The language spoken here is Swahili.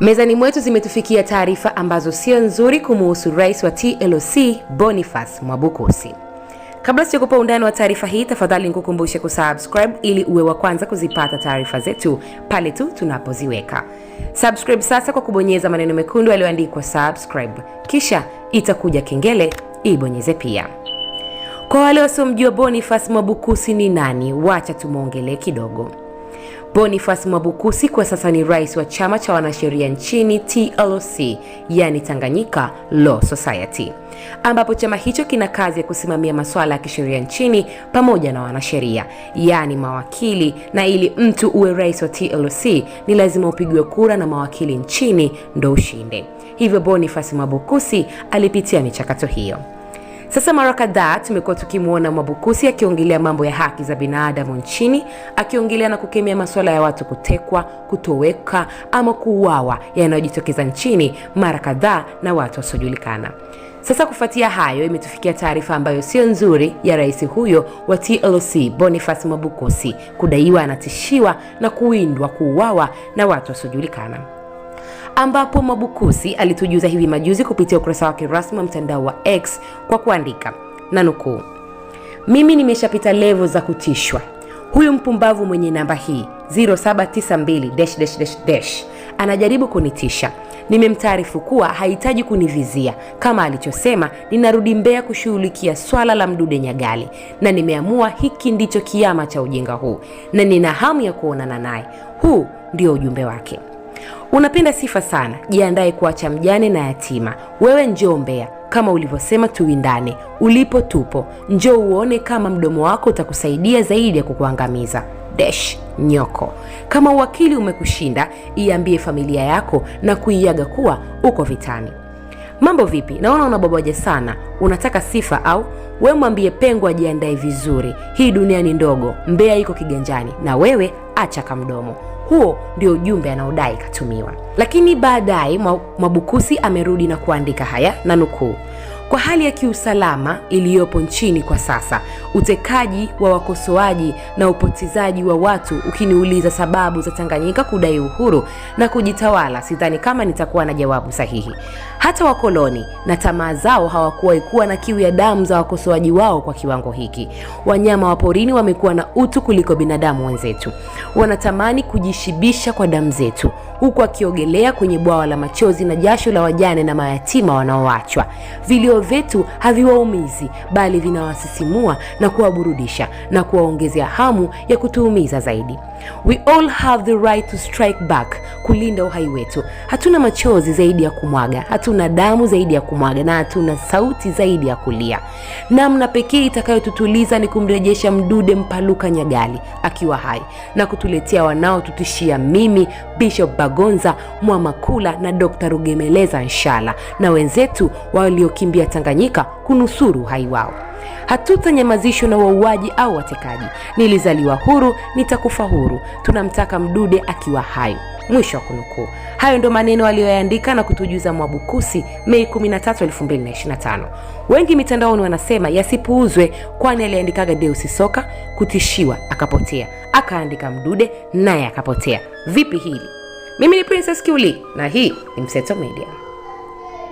Mezani mwetu zimetufikia taarifa ambazo sio nzuri kumuhusu rais wa TLC Boniface Mwabukusi. Kabla sijakupa undani wa taarifa hii, tafadhali nikukumbushe kusubscribe ili uwe wa kwanza kuzipata taarifa zetu pale tu tunapoziweka. Subscribe sasa kwa kubonyeza maneno mekundu yaliyoandikwa subscribe, kisha itakuja kengele, ibonyeze pia. Kwa wale wasiomjua Boniface Mwabukusi ni nani, wacha tumwongelee kidogo. Boniface Mwabukusi kwa sasa ni rais wa chama cha wanasheria nchini TLC, yani Tanganyika Law Society, ambapo chama hicho kina kazi ya kusimamia masuala ya kisheria nchini pamoja na wanasheria, yani mawakili, na ili mtu uwe rais wa TLC ni lazima upigwe kura na mawakili nchini ndo ushinde. Hivyo Boniface Mwabukusi alipitia michakato hiyo. Sasa mara kadhaa tumekuwa tukimwona Mwabukusi akiongelea mambo ya haki za binadamu nchini, akiongelea na kukemea masuala ya watu kutekwa, kutoweka ama kuuawa yanayojitokeza nchini mara kadhaa na watu wasiojulikana. Sasa kufuatia hayo, imetufikia taarifa ambayo sio nzuri ya rais huyo wa TLC Boniface Mwabukusi kudaiwa anatishiwa na kuwindwa, kuuawa na watu wasiojulikana ambapo Mwabukusi alitujuza hivi majuzi kupitia ukurasa wake rasmi wa mtandao wa X kwa kuandika na nukuu, mimi nimeshapita levo za kutishwa. Huyu mpumbavu mwenye namba hii 0792 anajaribu kunitisha. Nimemtaarifu kuwa hahitaji kunivizia kama alichosema. Ninarudi Mbeya kushughulikia swala la Mdude Nyagali, na nimeamua hiki ndicho kiama cha ujinga huu, na nina hamu ya kuonana naye. Huu ndio ujumbe wake. Unapenda sifa sana, jiandae kuacha mjane na yatima. Wewe njoo mbea kama ulivyosema, tuwindane. Ulipo tupo, njoo uone kama mdomo wako utakusaidia zaidi ya kukuangamiza dash nyoko. Kama uwakili umekushinda, iambie familia yako na kuiaga kuwa uko vitani. Mambo vipi? Naona unaboboja sana. Unataka sifa au? We mwambie Pengo ajiandae vizuri, hii dunia ni ndogo. mbea iko kiganjani, na wewe acha kamdomo. Huo ndio ujumbe anaodai katumiwa. Lakini baadaye Mwabukusi amerudi na kuandika haya na nukuu kwa hali ya kiusalama iliyopo nchini kwa sasa, utekaji wa wakosoaji na upotezaji wa watu, ukiniuliza sababu za Tanganyika kudai uhuru na kujitawala, sidhani kama nitakuwa na jawabu sahihi. Hata wakoloni na tamaa zao hawakuwahi kuwa na kiu ya damu za wakosoaji wao kwa kiwango hiki. Wanyama wa porini wamekuwa na utu kuliko binadamu wenzetu, wanatamani kujishibisha kwa damu zetu, huku akiogelea kwenye bwawa la machozi na jasho la wajane na mayatima wanaoachwa vilio Hivyo vyetu haviwaumizi, bali vinawasisimua na kuwaburudisha na kuwaongezea hamu ya kutuumiza zaidi. We all have the right to strike back, kulinda uhai wetu. Hatuna machozi zaidi ya kumwaga, hatuna damu zaidi ya kumwaga, na hatuna sauti zaidi ya kulia. Namna pekee itakayotutuliza ni kumrejesha Mdude Mpaluka Nyagali akiwa hai na kutuletea wanaotutishia, mimi Bishop Bagonza, Mwamakula na Dr. Rugemeleza Nshala na wenzetu waliokimbia ya Tanganyika kunusuru uhai wao. Hatutanyamazishwa na wauaji au watekaji. Nilizaliwa huru, nitakufa huru. Tunamtaka Mdude akiwa hai. Mwisho wa kunukuu. Hayo ndo maneno aliyoyaandika na kutujuza Mwabukusi Mei 13, 2025. Wengi mitandaoni wanasema yasipuuzwe, kwani aliandikaga Deusi Soka kutishiwa akapotea, akaandika Mdude naye akapotea. Vipi hili? Mimi ni Princess Kiuli na hii ni Mseto Media.